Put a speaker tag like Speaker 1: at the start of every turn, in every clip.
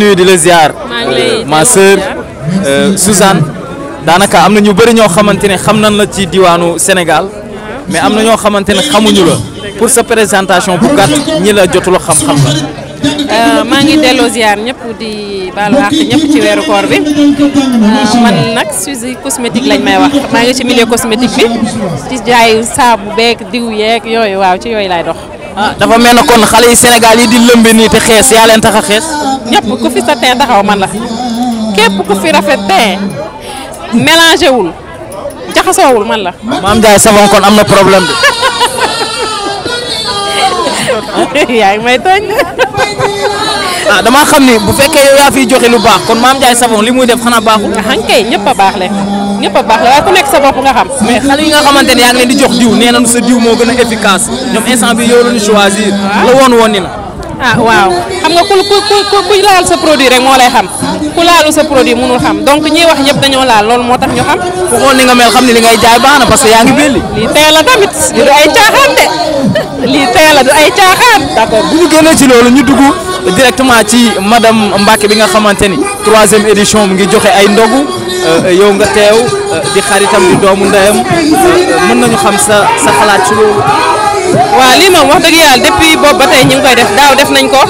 Speaker 1: nuyu di la ziar ma sœur euh, Suzanne daanaka am na ñu bëri ñoo xamante ne xam nañ la ci diwaanu Sénégal mais am na ñoo xamante ne xamuñu la pour sa présentation bu gàtt ñi la jotul xam-xam la.
Speaker 2: Euh, maa ngi delloo ziar ñëpp di baalu àq ñëpp ci weeru koor bi euh, nag Suzy cosmétique lañ may wax maa ngi ci milieu cosmétique bi ci jaay saabu beeg diw yeeg yooyu waaw ci yooyu laay dox. Ah, dafa mel xale yi Sénégal yi di lëmbe te xees yaa leen tax xees. ñëpp ku fi sa teen taxaw man la képp ku fi rafet teen mélangé wul jaxasoowul man la. maam
Speaker 1: Ndiaye savon kon am na problème de.
Speaker 2: yaa ngi may tooñ. ah damaa xam ni bu fekkee yow yaa fiy joxe lu baax kon maam Ndiaye savon li muy def xanaa baaxul. Ah, xan kay ñëpp a baax le ñëpp a baax la waaye ku nekk sa bopp nga xam. mais xale yi nga xamante ne yaa ngi leen
Speaker 1: di jox diw nee nañu sa diw moo gën a efficace ñoom instant bi yow la ñu choisir. Ah. la woon woon ni la.
Speaker 2: ah waaw xam nga ku ku ku ku laal sa produit rek moo lay xam ku laalu sa produit mënul xam donc ñiy wax ñëpp dañoo laal loolu moo tax ñu xam. ku xool ni nga mel xam ne li ngay jaay baax na yaa ngi belli. lii tey la tamit du ay caaxaan de lii tey du ay caaxaan. d'accord bu ñu
Speaker 1: génnee ci loolu ñu dugg directement ci madame Mbacke bi nga xamante ni troisième édition mi ngi joxe ay ndogu euh, yow nga teew euh, di xaritam di doomu ndeyam euh,
Speaker 2: mën nañu xam sa sa xalaat ci waaw lii moom wax dëgg yàlla depuis boobu ba tey ñu ngi koy def daaw def nañ ko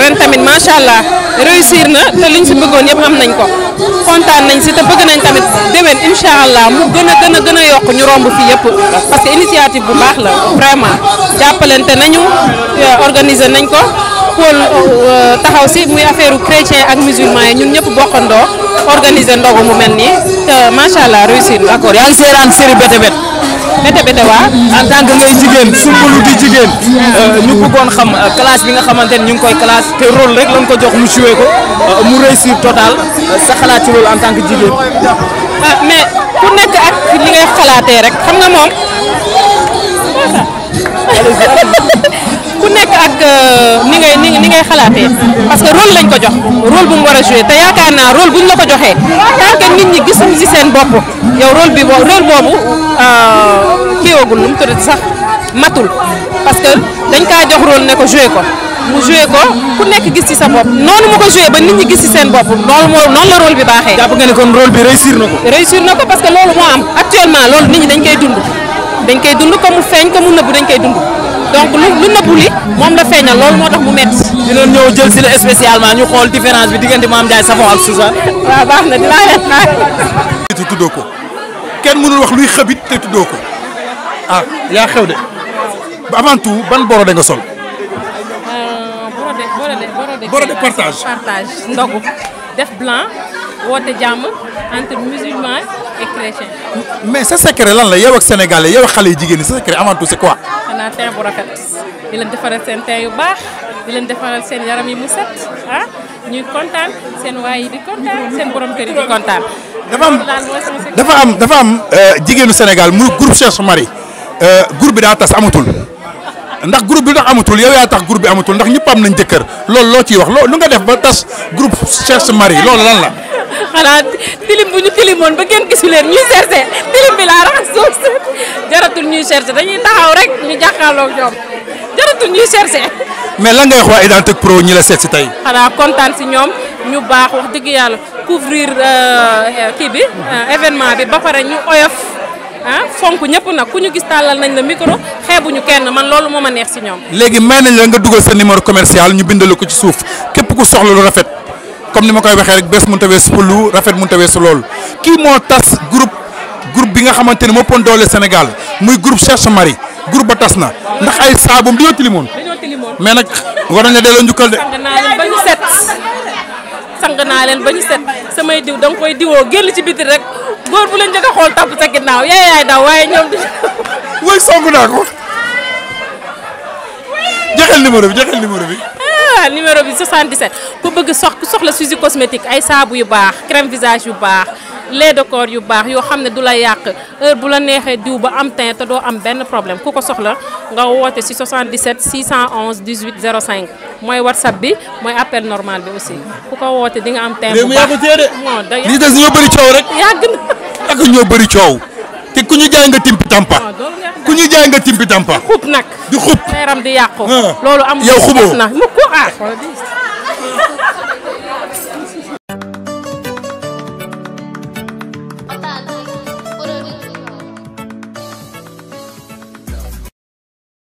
Speaker 2: ren tamit macha allah réussir na te liñ si bëggoon yëpp am nañ ko kontaan nañ si te bëgg nañ tamit déwén incha allah mu gën a gën a gën a yokk ñu romb fii yëpp. parce que initiative bu baax la vraiment jàppalante nañu organiser nañ ko pôle euh, taxaw si muy affaire chrétien ak musulman yi ñun ñëpp bokkandoo organiser ndogu mu mel nii te macha allah réussir na. d'accord yaa ngi seeraan série bete bete bete waa en tant que ngay jigéen sumbalu di jigéen euh, ñu bëggoon xam euh,
Speaker 1: classe bi nga xamante ne ñu ngi koy classe te rôle rek lañ ko jox mu joué ko euh, mu réussir total
Speaker 2: sa xalaat ci loolu en tant que jigéen ah, mais ku nekk ak li ngay xalaatee rek xam nga moom ku nekk ak ni ngay ni ngay xalaatee parce que rôle lañ ko jox rôle bu mu war a joué te yaakaar naa rôle buñ la ko joxee tant que nit ñi gisuñu ci seen bopp yow rôle bi boobu rôle boobu kiiwagul euh, nu mu tudd sax matul parce que dañ kaa jox rôle ne ko joué ko mu joué ko ku nekk gis ci sa bopp noonu mu ko joué ba nit ñi gis ci seen bopp loolu moo noonu la rôle bi baaxee. jàpp nga ne kon rôle bi réussir na ko. réussir na ko parce que loolu moo am actuellement loolu nit ñi dañ koy dund dañ koy dund comme mu feeñ comme mu dañ koy dund donc lu lu
Speaker 1: dinañ ñëw jël la spécialement ñu la différence bi diggante Mame Ndiaye Savon ak Suzanne. a kenn wax luy xëbit te ah c'est xew de avant tout ban borde, nga sol. Euh,
Speaker 2: de partage partage ndogu def blanc entre musulmans et chrétiens.
Speaker 1: mais sa secret lan la yow ak sénégalais yow y a des avant tout c'est quoi.
Speaker 2: xanaa teint bu rafet di leen defaral seen teint yu baax di leen defaral seen yaram yi mu set ah ñuy kontaan seen waay yi di kontaan seen borom kër yi di kontaan. dafa am
Speaker 1: dafa am dafa am euh, jigéenu Sénégal muy groupe Cheikh Marie euh, groupe bi daa tas amatul ndax groupe bi tax amatul yow yaa tax groupe bi amatul ndax ñëpp am nañ jëkkër lool loo ciy wax loo lu nga def ba tas groupe su Marie loolu lan la.
Speaker 2: xanaa tilim bu ñu tilimoon ba kenn gisu leen ñuy cherché tilim bi laa raxas suuf si jaratul ñuy cherché dañuy taxaw rek ñu jàkkaarloog ñoom jaratul ñuy cherché.
Speaker 1: mais lan ngay wax waa Identique Pro ñi la seet si tey.
Speaker 2: xanaa kontaan si ñoom ñu baax wax dëgg yàlla couvrir euh, kii bi euh, événement bi ba pare ñu oyof. ah fonk ñëpp nag ku ñu gis tàllal nañ la micro xeebuñu kenn man loolu moom ma neex ci ñoom.
Speaker 1: léegi may nañ la nga dugal sa numéro commercial ñu bindalu ko ci suuf képp ku soxla lu rafet comme ni ma koy waxee rek bés mënut a weesu lu rafet mënut a weesu loolu kii moo tas groupe groupe bi nga xamante ne moo pon doole Sénégal muy groupe Cherche Marie group ba tas na ndax ay saabum dañoo tilimoon.
Speaker 2: dañoo mais nag war nañ la delloo njukkal de. sang naa leen ba ñu set naa leen ba ñu set samay diw da koy diwoo génn ci biti rek góor bu la njëkk a xool topp sa ginnaaw yaay yaay daw waaye ñoom du. woy song naa ko
Speaker 1: joxel numéro bi joxel numéro bi.
Speaker 2: Ah, numéro bi 77 ku bëgg sox soxla cosmétique ay saabu yu crème visage yu baax lait de corps yu baax yoo xam ne la yàq heure la am teint te am problème 77 611 18 05 whatsapp bi mooy appel normal bi aussi ku ko di nga am teint bu baax non da rek na ñoo Ah, fora disso.